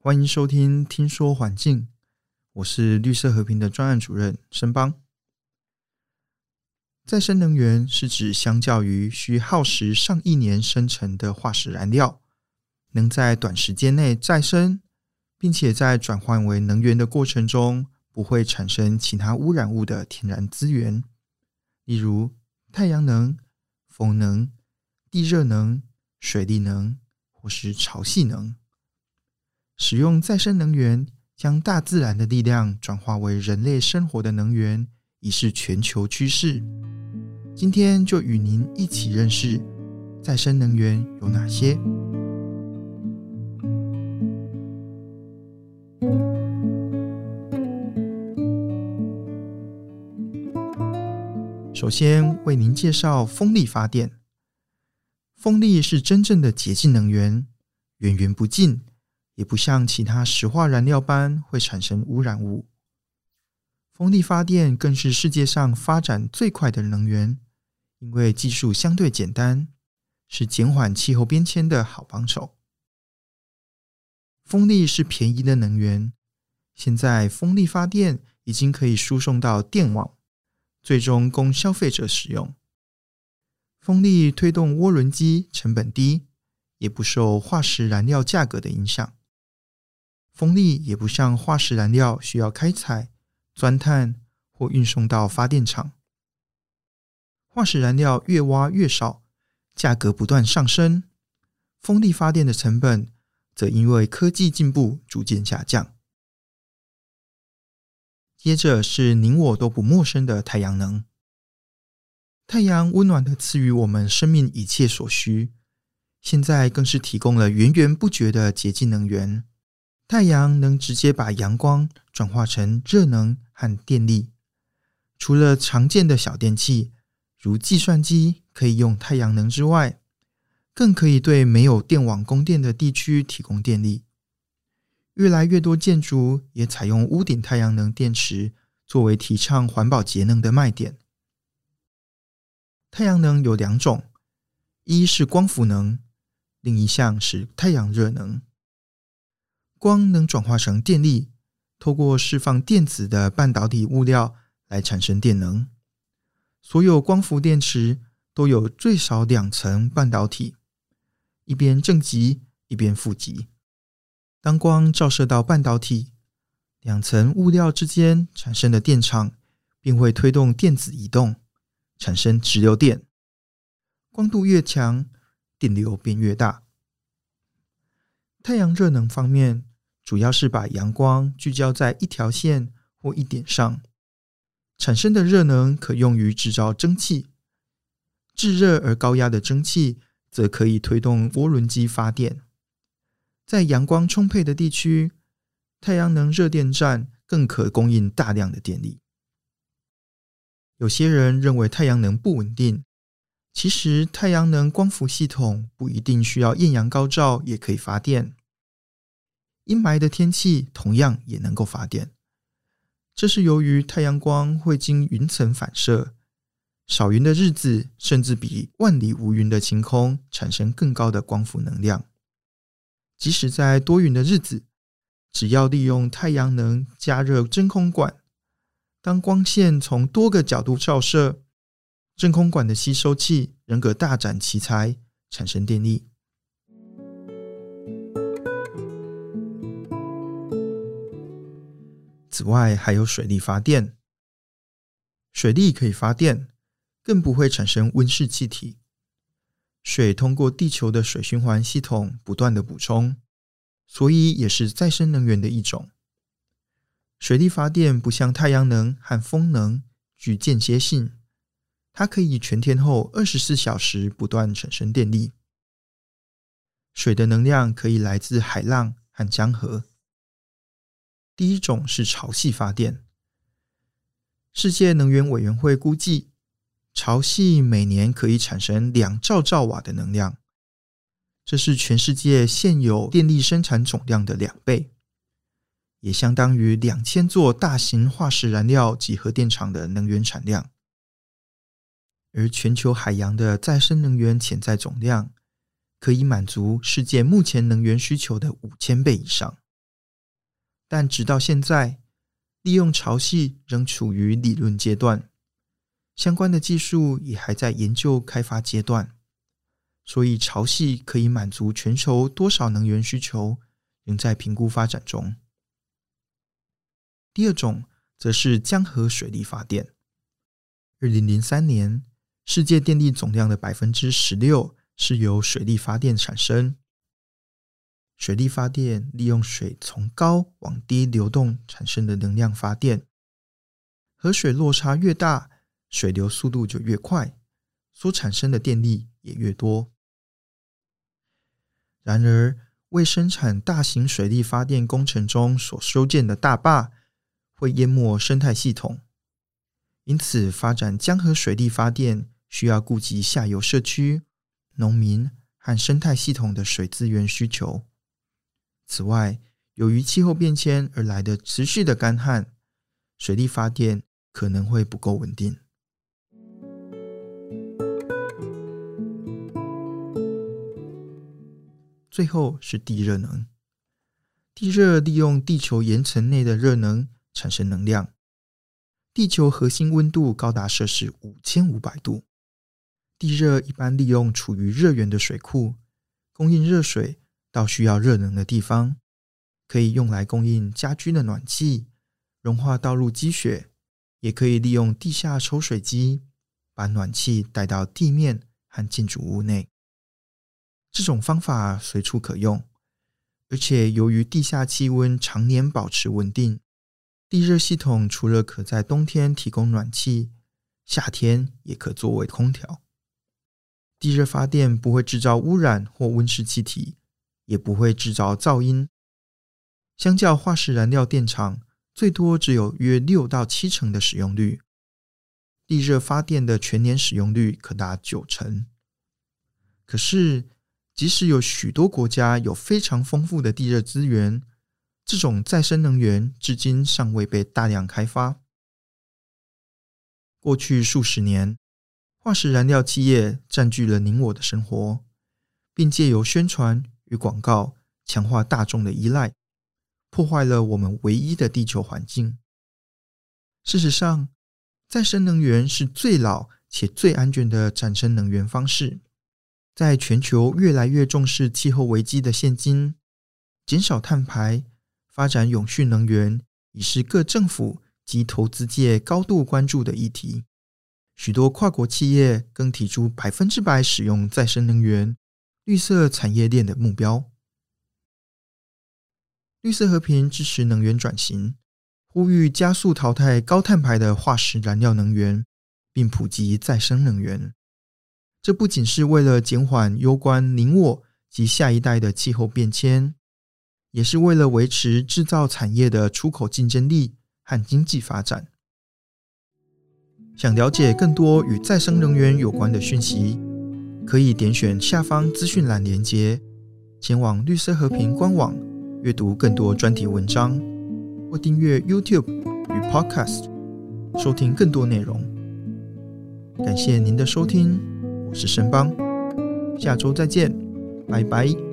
歡迎收聽《聽說環境》，我是綠色和平的專案主任申邦。再生能源是指相較於需耗時上億年生成的化石燃料，能在短時間內再生，並且在轉換為能源的過程中不會產生其他污染物的天然資源，例如太陽能、風能、地熱能、水力能或是潮汐能。使用再生能源，將大自然的力量轉化為人類生活的能源，已是全球趨勢。今天就與您一起認識再生能源有哪些？首先為您介紹風力發電。風力是真正的潔淨能源，源源不盡。也不像其他石化燃料般會產生污染物。風力發電更是世界上發展最快的能源，因為技術相對簡單，是減緩氣候變遷的好幫手。風力是便宜的能源，現在風力發電已經可以輸送到電網，最終供消費者使用。風力推動渦輪機成本低，也不受化石燃料價格的影響。風力也不像化石燃料需要開採、鑽探或運送到發電廠。化石燃料越挖越少，價格不斷上升；風力發電的成本則因為科技進步逐漸下降。接着是你我都不陌生的太陽能。太陽溫暖地賜予我們生命一切所需，現在更是提供了源源不絕的潔淨能源。太陽能直接把陽光轉化成熱能和電力。除了常見的小電器，如計算機可以用太陽能之外，更可以對沒有電網供電的地區提供電力。越來越多建築也採用屋頂太陽能電池作為提倡環保節能的賣點。太陽能有兩種，一是光伏能，另一項是太陽熱能。光能轉化成電力，透過釋放電子的半導體物料來產生電能。所有光伏電池都有最少兩層半導體，一邊正極，一邊負極。當光照射到半導體，兩層物料之間產生的電場便會推動電子移動，產生直流電。光度越強，電流便越大。太陽熱能方面，主要是把陽光聚焦在一條線或一點上，產生的熱能可用於製造蒸汽。炙熱而高壓的蒸汽則可以推動渦輪機發電。在陽光充沛的地區，太陽能熱電站更可供應大量的電力。有些人認為太陽能不穩定，其實太陽能光伏系統不一定需要豔陽高照也可以發電。陰霾的天氣同樣也能夠發電，這是由於太陽光會經雲層反射，少雲的日子甚至比萬里無雲的晴空產生更高的光伏能量。即使在多雲的日子，只要利用太陽能加熱真空管，當光線從多個角度照射真空管的吸收器，仍可大展奇才，產生電力。外還有水力發電，水力可以發電，更不會產生溫室氣體。水通過地球的水循環系統不斷的補充，所以也是再生能源的一種。水力發電不像太陽能和風能具間歇性，它可以全天候二十四小時不斷產生電力。水的能量可以來自海浪和江河。第一種是潮汐發電。世界能源委員會估計，潮汐每年可以產生兩兆兆瓦的能量，這是全世界現有電力生產總量的兩倍，也相當於兩千座大型化石燃料及核電廠的能源產量。而全球海洋的再生能源潛在總量，可以滿足世界目前能源需求的五千倍以上。但直到現在，利用潮汐仍處於理論階段，相關的技術也還在研究開發階段，所以潮汐可以滿足全球多少能源需求，仍在評估發展中。第二種則是江河水力發電。二零零三年，世界電力總量的百分之十六是由水力發電產生。水力發電利用水從高往低流動產生的能量發電。河水落差越大，水流速度就越快，所產生的電力也越多。然而，未生產大型水力發電工程中所修建的大壩，會淹沒生態系統，因此發展江河水力發電需要顧及下游社區、農民和生態系統的水資源需求。此外，由於氣候變遷而來的持續的乾旱，水力發電可能會不夠穩定。最後是地熱能。地熱利用地球岩層內的熱能產生能量。地球核心溫度高達攝氏五千五百度。地熱一般利用處於熱源的水庫供應熱水。到需要熱能的地方，可以用來供應家居的暖氣、融化道路積雪，也可以利用地下抽水機把暖氣帶到地面和建築物內。這種方法隨處可用，而且由於地下氣溫常年保持穩定，地熱系統除了可在冬天提供暖氣，夏天也可作為空調。地熱發電不會製造污染或溫室氣體。也不會制造噪音。相較化石燃料電廠，最多只有約六到七成的使用率。地熱發電的全年使用率可達九成。可是，即使有許多國家有非常豐富的地熱資源，這種再生能源至今尚未被大量開發。過去數十年，化石燃料企業佔據了您我的生活，並借由宣傳。與廣告強化大眾的依賴，破壞了我們唯一的地球環境。事實上，再生能源是最老且最安全的產生能源方式。在全球越來越重視氣候危機的現今，減少碳排、發展永續能源已是各政府及投資界高度關注的議題。許多跨國企業更提出百分之百使用再生能源。綠色產業鏈的目標。綠色和平支持能源轉型，呼籲加速淘汰高碳排的化石燃料能源，並普及再生能源。這不僅是為了減緩攸關您我及下一代的氣候變遷，也是為了維持製造產業的出口競爭力和經濟發展。想了解更多與再生能源有關的訊息。可以點選下方資訊欄連接，前往綠色和平官網閱讀更多專題文章，或訂閱 YouTube 與 Podcast 收聽更多內容。感謝您的收聽，我是申邦，下周再見，拜拜。